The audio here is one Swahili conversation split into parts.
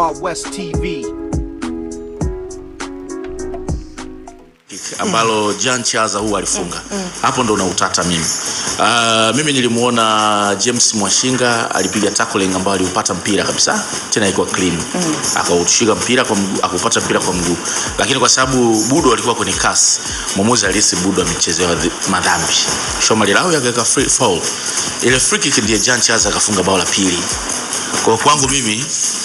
Wild West TV. ambalo Jan Chaza huwa alifunga mm, mm. Hapo ndo unautata mimi. Uh, mimi nilimuona James Mwashinga alipiga tackling ambayo aliupata mpira kabisa tena ilikuwa clean mm. Akaushika mpira kwa mguu, akaupata mpira kwa mguu, lakini kwa sababu Budo alikuwa kwenye kasi, mwamuzi alihisi Budo amechezewa madhambi, Shomari Lawi akaweka free foul. Ile free kick ndiye Jan Chaza akafunga bao la pili. Kwa kwangu mimi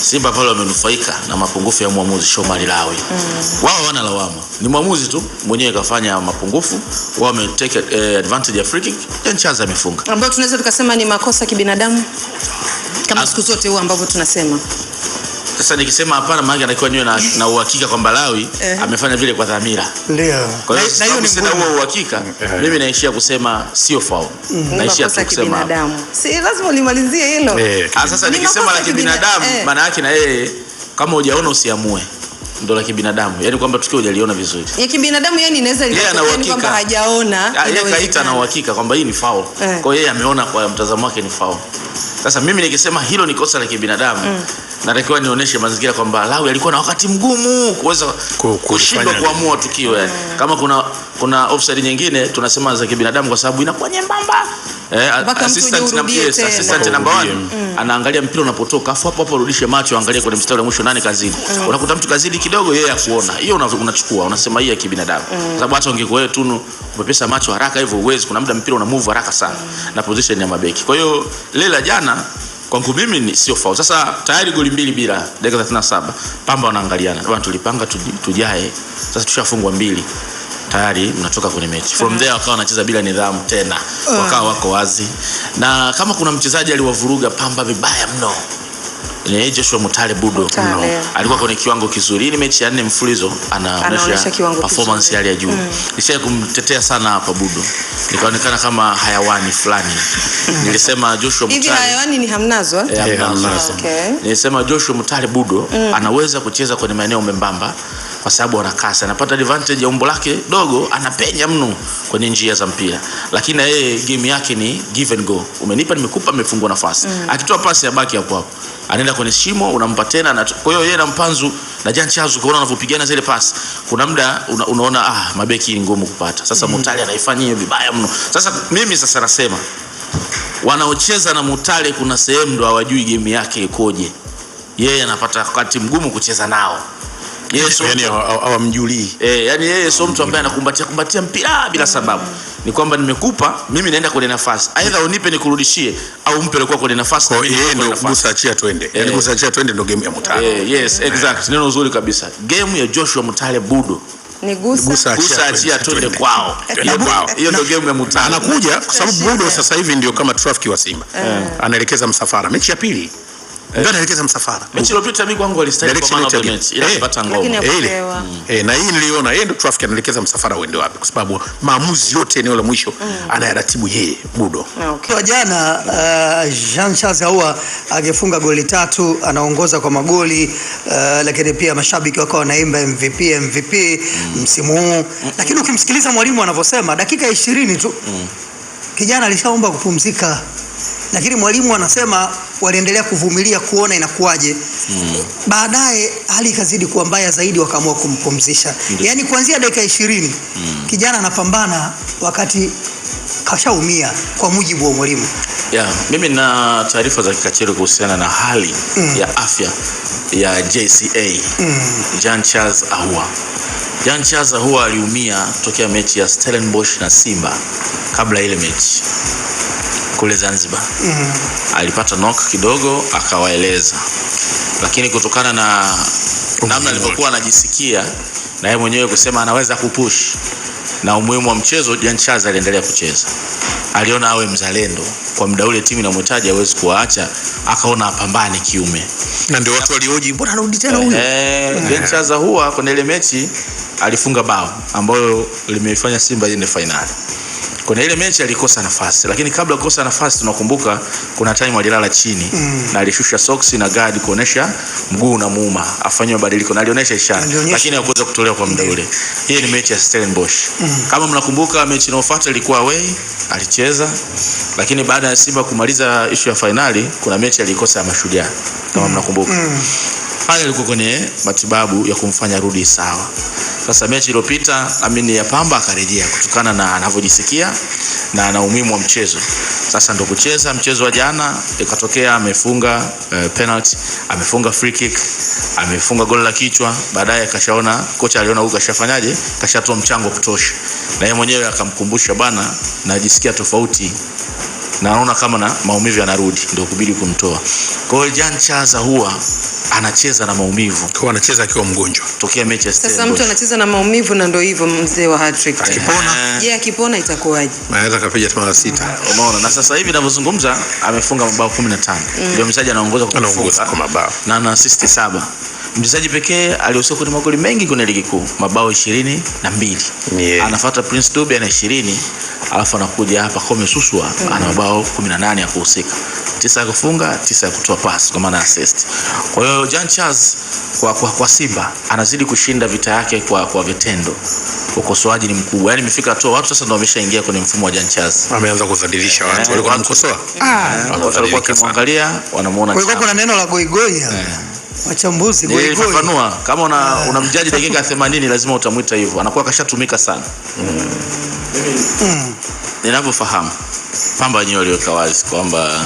Simba pale wamenufaika na mapungufu ya mwamuzi Shomari Lawi. Mm. Wao wana lawama. Ni mwamuzi tu mwenyewe kafanya mapungufu, wao wame take eh, advantage ya free kick, then chance amefunga. Ambayo tunaweza tukasema ni makosa kibinadamu kama siku zote huwa ambavyo tunasema. Sasa nikisema hapana, maana anakiwa niwe na, na uhakika kwamba Lawi eh, amefanya vile kwa dhamira. Ndio. Kwa hiyo na hiyo ni sina huo uhakika. Mimi naishia kusema sio faul. Mm-hmm. Naishia tu kusema binadamu. Si lazima ulimalizie hilo. Eh, ah, sasa nikisema la kibinadamu eh. maana yake na yeye kama hujaona usiamue ndo la kibinadamu, yani kwamba tukio hujaliona vizuri ya kibinadamu, yani inaweza yeah, kwamba hajaona, ah, yeye kaita na uhakika kwamba hii ni faul, eh. kwa hiyo yeye ameona kwa mtazamo wake ni faul. Sasa mimi nikisema hilo ni kosa la kibinadamu mm. natakiwa nionyeshe mazingira kwamba Lawi alikuwa na wakati mgumu kuweza kushindwa kuamua tukio eh. mm. kama kuna kuna offside nyingine tunasema za kibinadamu kwa sababu inakuwa nyembamba eh, assistant, assistant number 1 mm. anaangalia mpira unapotoka, afu hapo hapo arudishe macho, aangalie kwenye mstari wa mwisho nane kazini. Mm. Unakuta mtu kazini kidogo, yeye akuona hiyo, unachukua unasema hii ya kibinadamu, mm. kwa sababu hata ungekuwa wewe tunu umepesa macho haraka hivyo uwezi, kuna muda mpira una move haraka sana mm. na position ya mabeki. Kwa hiyo lela jana kwangu mimi ni sio faul. Sasa tayari goli mbili bila dakika 37, Pamba wanaangaliana bwana, tulipanga tujae, sasa tushafungwa mbili tayari mnatoka kwenye mechi. From there wakawa wanacheza bila nidhamu tena, ah. wakawa wako wazi, na kama kuna mchezaji aliwavuruga Pamba vibaya mno ni Joshua Mutale Budo Mutale. Alikuwa kwenye kiwango kizuri. Hii ni mechi ya nne mfulizo anaonyesha performance hali ya juu. Mm. Nisha kumtetea sana hapa Budo. Nikaonekana kama hayawani fulani. Nilisema Joshua Mutale. Hivi hayawani ni hamnazo eh? hamnazo. Ah, okay. Nilisema Joshua Mutale Budo mm. anaweza kucheza kwenye maeneo membamba kwa sababu ana kasi, anapata advantage ya umbo lake dogo, anapenya mno kwenye njia za mpira, lakini yeye game yake ni give and go. Umenipa, nimekupa, nimefungua nafasi mm. Akitoa pasi ya baki hapo hapo, anaenda kwenye shimo, unampa tena. Kwa hiyo yeye na Mpanzu na Jan Chazu, unaona wanavyopigana zile pasi, kuna muda una, unaona ah, mabeki ni ngumu kupata. Sasa mm. Mutale anaifanyia vibaya mno. Sasa mimi sasa nasema wanaocheza na Mutale kuna sehemu ndo hawajui game yake ikoje. Yeye anapata wakati mgumu kucheza nao. Yesu yani hawamjulii eh, yani yeye sio mtu ambaye anakumbatia kumbatia mpira bila sababu. Ni kwamba nimekupa mimi, naenda kwenye nafasi, aidha unipe nikurudishie, au mpe leo kwenye nafasi, ndio achia twende. Yaani eh. achia twende ndio game ya Mutale. Eh, yes eh. neno zuri kabisa, game ya Joshua Mutale Budo achia twende kwao, hiyo ndio game ya Mutale. Anakuja kwa sababu Budo sasa hivi ndio kama trafiki wa Simba, eh. anaelekeza msafara mechi ya pili Eh. ndio anaelekeza msafara. Mechi mm. iliyopita mimi kwangu alistahili kwa maana ya mechi ila alipata eh. ngoma. Eh, eh, na hii niliona yeye ndio traffic anaelekeza msafara uende wapi kwa sababu maamuzi yote eneo la mwisho mm. anayaratibu yeye Budo. Kwa jana Jean Charles Ahoua angefunga goli tatu anaongoza kwa magoli lakini pia mashabiki wakawa wanaimba MVP MVP mm. msimu huu. Lakini ukimsikiliza mwalimu anavyosema dakika 20 tu kijana alishaomba kupumzika. Lakini mwalimu anasema waliendelea kuvumilia kuona inakuwaje. mm. Baadaye hali ikazidi kuwa mbaya zaidi, wakaamua kumpumzisha. Yaani kuanzia dakika ishirini mm. kijana anapambana wakati kashaumia kwa mujibu wa mwalimu. Yeah, mimi na taarifa za kikachero kuhusiana na hali mm. ya afya ya JCA mm. Jean Charles Ahua. Jean Charles Ahua aliumia tokea mechi ya Stellenbosch na Simba kabla ile mechi kule Zanzibar mm. Alipata nok kidogo akawaeleza, lakini kutokana na namna alivyokuwa anajisikia na yeye mwenyewe kusema anaweza kupush na umuhimu wa mchezo, Jan Chaza aliendelea kucheza. Aliona awe mzalendo kwa muda ule, timu inamhitaji, hawezi kuwaacha, akaona apambane kiume, na ndio watu walioji, mbona anarudi tena huyo eh. Jan Chaza huwa kwenye ile mechi alifunga bao ambayo limeifanya Simba iende fainali. Kwenye ile mechi alikosa nafasi, lakini kabla kukosa nafasi tunakumbuka kuna time alilala chini mm. na alishusha socks na guard kuonesha mguu na muuma afanye mabadiliko na alionyesha ishara, lakini hakuweza kutolewa kwa muda mm. ule. Hii ni mechi ya Stellenbosch mm. kama mnakumbuka, mechi inayofuata ilikuwa away alicheza, lakini baada ya Simba kumaliza ishu ya fainali kuna mechi alikosa ya Mashujaa kama mm. mnakumbuka mm. Haya alikuwa kwenye matibabu ya kumfanya rudi sawa. Sasa mechi iliyopita Amini ya Pamba akarejea kutokana na anavyojisikia na ana umuhimu wa mchezo. Sasa ndo kucheza mchezo wa jana, ikatokea amefunga uh, penalty, amefunga free kick, amefunga goli la kichwa. Baadaye akashaona kocha aliona huko kashafanyaje, kashatoa mchango kutosha, na yeye mwenyewe akamkumbusha bana, najisikia tofauti na naona kama na maumivu yanarudi, ndio kubidi kumtoa. Kwa hiyo Jan Chaza huwa anacheza na maumivu, kwa anacheza akiwa mgonjwa tokea mechi. Sasa mtu anacheza na maumivu, na ndio hivyo mzee wa hat-trick. Akipona eh. je, akipona itakuwaje? Anaweza kapiga mara sita, umeona. Na sasa hivi ninavyozungumza amefunga mabao 15 mm. ndio mchezaji anaongoza kwa kufunga mabao na ana assist saba mchezaji pekee aliyosia kwenye magoli mengi kwenye ligi kuu mabao ishirini na mbili. Yeah. Anafuata Prince Dube ana ishirini, alafu anakuja hapa Kome Suswa ana mm. mabao 18 ya kuhusika, tisa ya kufunga, tisa ya kutoa pasi kwa maana assist. Kwa hiyo jan Charles kwa, kwa, kwa Simba anazidi kushinda vita yake kwa, kwa vitendo. Ukosoaji ni mkubwa, yani imefika hatua watu sasa ndio wameshaingia kwenye mfumo wa Jan Charles, ameanza kudhalilisha watu, eh, walikuwa wanamkosoa, ah. walikuwa wakimwangalia, wanamuona walikuwa kuna neno la goigoi hapo. Eh wachambuzi Fafanua kama una, una mjaji dakika 80 lazima utamwita hivyo, anakuwa kashatumika sana mm. mm. ninavyofahamu Pamba wenyewe waliweka wazi kwamba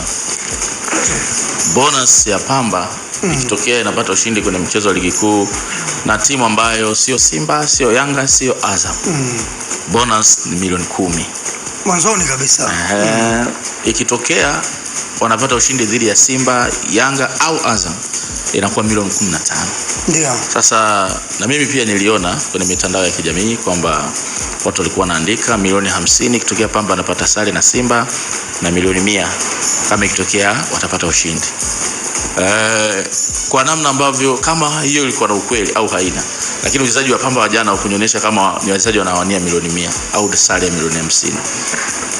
bonus ya Pamba mm. ikitokea inapata ushindi kwenye mchezo wa ligi kuu na timu ambayo sio Simba, sio Yanga, sio Azam mm. bonus ni milioni kumi mwanzoni kabisa. mm. Ikitokea wanapata ushindi dhidi ya Simba, Yanga au Azam inakuwa milioni 15. Ndio. Sasa na mimi pia niliona kwenye mitandao ya kijamii kwamba watu walikuwa wanaandika milioni hamsini ikitokea Pamba anapata sare na Simba na milioni mia kama ikitokea watapata ushindi. E, kwa namna ambavyo kama hiyo ilikuwa na ukweli au haina, lakini wachezaji wa Pamba wa jana wakunyonyesha kama ni wachezaji wanawania milioni mia au sare ya milioni hamsini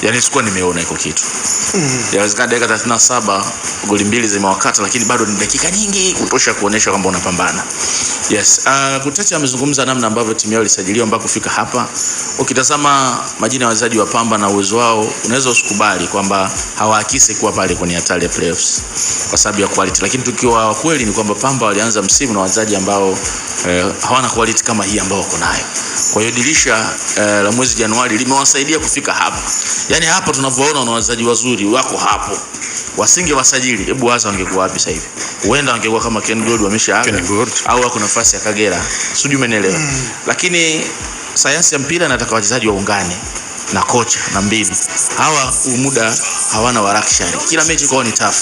yani sikuwa nimeona hiko kitu mm. Yawezekana dakika thelathini na saba goli mbili zimewakata, lakini bado ni dakika nyingi kutosha kuonesha kwamba unapambana. Yes. Uh, Kutete amezungumza namna ambavyo timu yao ilisajiliwa mpaka kufika hapa. Ukitazama majina ya wachezaji wa Pamba na uwezo wao, unaweza usikubali kwamba hawaakisi kuwa pale kwenye hatari ya playoffs kwa sababu ya quality, lakini tukiwa kweli ni kwamba Pamba walianza msimu na wachezaji ambao eh, hawana quality kama hii ambao wako nayo. Kwa hiyo dirisha eh, la mwezi Januari limewasaidia kufika hapa. Yaani hapa tunavyoona na wachezaji wazuri wako hapo. Wasinge wasajili, hebu waza wangekuwa wapi sasa hivi? Huenda wangekuwa kama Ken Gold wameshaaga au wako nafasi ya Kagera. Sijui umeelewa. Mm. Lakini sayansi ya mpira inataka wachezaji waungane na kocha na mbinu. Hawa umuda hawana warakshari. Kila mechi kwao ni tafu.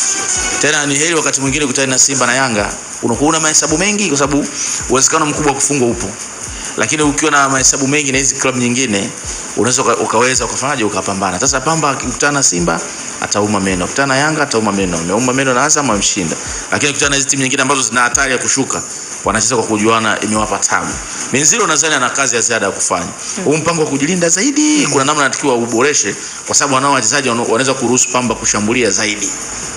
Tena ni heri wakati mwingine kutana na Simba na Yanga unakuwa una mahesabu mengi kwa sababu uwezekano mkubwa wa kufungwa upo lakini ukiwa na mahesabu mengi na hizi club nyingine unaweza ukaweza ukafanyaje ukapambana. Sasa Pamba akikutana na Simba atauma meno, akutana na Yanga atauma meno, ameuma meno na Azam amemshinda, lakini akutana na hizi timu nyingine ambazo zina hatari ya kushuka, wanacheza kwa kujuana, imewapa tamu. Minziro nadhani ana kazi ya ziada ya kufanya hmm. huu mpango wa kujilinda zaidi, kuna namna natakiwa uboreshe, kwa sababu wanao wachezaji wanaweza kuruhusu Pamba kushambulia zaidi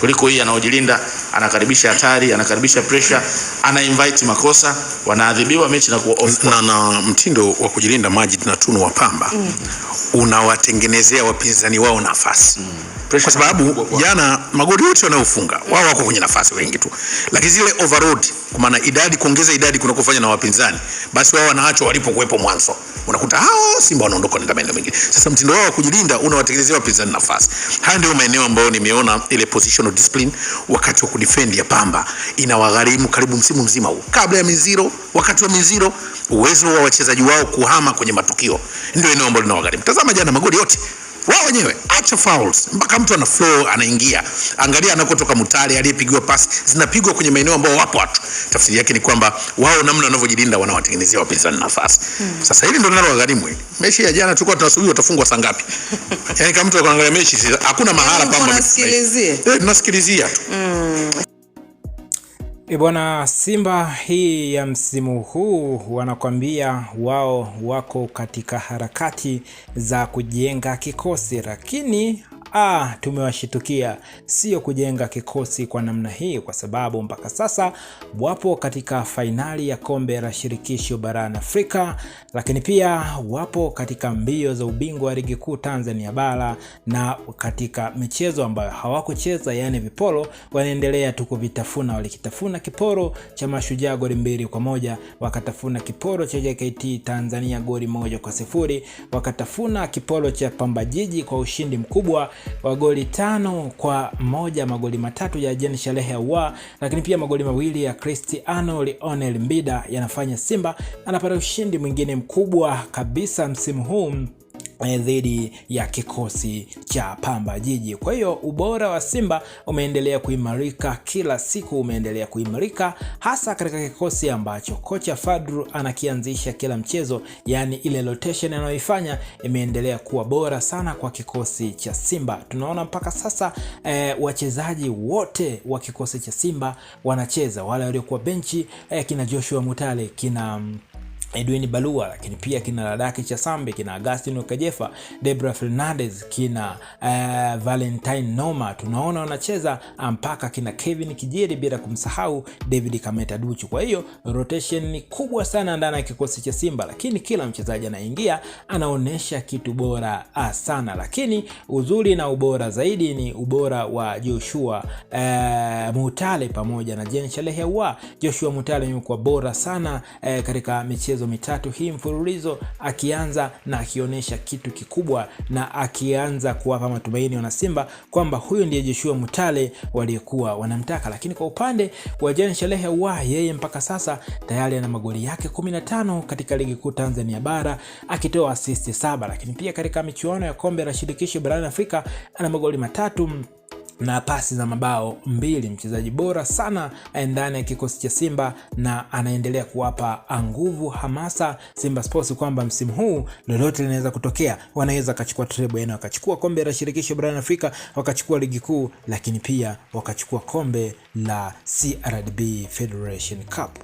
kuliko hii anaojilinda, anakaribisha hatari, anakaribisha pressure, ana invite makosa, wanaadhibiwa mechi na kuwa off. Na, na mtindo wa kujilinda Majid na Tunu wa Pamba mm unawatengenezea wapinzani wao nafasi mm. Kwa sababu jana magoli yote wanayofunga wao wako kwenye nafasi wengi tu, lakini zile overload, kwa maana idadi kuongeza idadi kuna kufanya na wapinzani, basi wao wanaachwa walipokuwepo mwanzo, unakuta hao Simba wanaondoka na ndamani mengine. Sasa mtindo wao wa kujilinda unawatengenezea wapinzani nafasi. Haya ndio maeneo ambayo nimeona ile positional discipline wakati wa kudefend ya Pamba inawagharimu karibu msimu mzima huu, kabla ya miziro, wakati wa miziro, uwezo wa wachezaji wao kuhama kwenye matukio ndio eneo ambalo linawagharimu. Tazama jana magoli yote wao wenyewe, acha fouls mpaka mtu ana flow anaingia. Angalia anakotoka Mutale aliyepigiwa pasi zinapigwa kwenye maeneo ambayo wapo watu. Tafsiri yake ni kwamba wao namna wanavyojilinda wanawatengenezea wapinzani nafasi. Hmm. Sasa hili ndio gharimu hili. Mechi ya jana tulikuwa tunasubiri watafungwa saa ngapi? Yaani kama mtu anaangalia mechi hakuna mahala pa eh, tunasikilizia tu. hmm. Eh, bwana Simba hii ya msimu huu wanakwambia wao wako katika harakati za kujenga kikosi, lakini Ah, tumewashitukia, sio kujenga kikosi kwa namna hii, kwa sababu mpaka sasa wapo katika fainali ya kombe la shirikisho barani Afrika, lakini pia wapo katika mbio za ubingwa wa ligi kuu Tanzania bara, na katika michezo ambayo hawakucheza yani viporo, wanaendelea tu kuvitafuna. Walikitafuna kiporo cha Mashujaa goli mbili kwa moja, wakatafuna kiporo cha JKT Tanzania goli moja kwa sifuri, wakatafuna kiporo cha Pamba Jiji kwa ushindi mkubwa wa goli tano kwa moja, magoli matatu ya Jean Shalehe wa lakini pia magoli mawili ya Cristiano Lionel Mbida yanafanya Simba anapata ushindi mwingine mkubwa kabisa msimu huu Eh, dhidi ya kikosi cha Pamba Jiji. Kwa hiyo ubora wa Simba umeendelea kuimarika kila siku, umeendelea kuimarika hasa katika kikosi ambacho kocha Fadru anakianzisha kila mchezo, yani ile rotation anayoifanya imeendelea kuwa bora sana kwa kikosi cha Simba. Tunaona mpaka sasa e, wachezaji wote wa kikosi cha Simba wanacheza, wale waliokuwa benchi e, kina Joshua Mutale kina mm, Edwin Balua, lakini pia kina Ladaki Chasambi, kina Agustin Okajefa, Debra Fernandez, kina uh, Valentine Noma, tunaona wanacheza mpaka kina Kevin Kijeri, bila kumsahau David Kameta Duchu. Kwa hiyo rotation ni kubwa sana ndani ya kikosi cha Simba, lakini kila mchezaji anaingia anaonyesha kitu bora ah, sana, lakini uzuri na ubora zaidi ni ubora wa Joshua uh, Mutale pamoja na Jean Shalehewa. Joshua Mutale yuko bora sana uh, katika michezo michezo mitatu hii mfululizo, akianza na akionyesha kitu kikubwa na akianza kuwapa matumaini wanasimba kwamba huyu ndiye Joshua Mutale waliyekuwa wanamtaka. Lakini kwa upande wa Jean shelehe wa yeye, mpaka sasa tayari ana magoli yake 15 katika ligi kuu Tanzania bara akitoa asisti saba, lakini pia katika michuano ya kombe la shirikisho barani Afrika ana magoli matatu na pasi za mabao mbili, mchezaji bora sana ndani ya kikosi cha Simba na anaendelea kuwapa nguvu hamasa Simba Sports kwamba msimu huu lolote linaweza kutokea, wanaweza wakachukua treble yani, wakachukua kombe la shirikisho barani Afrika, wakachukua ligi kuu, lakini pia wakachukua kombe la CRDB Federation Cup.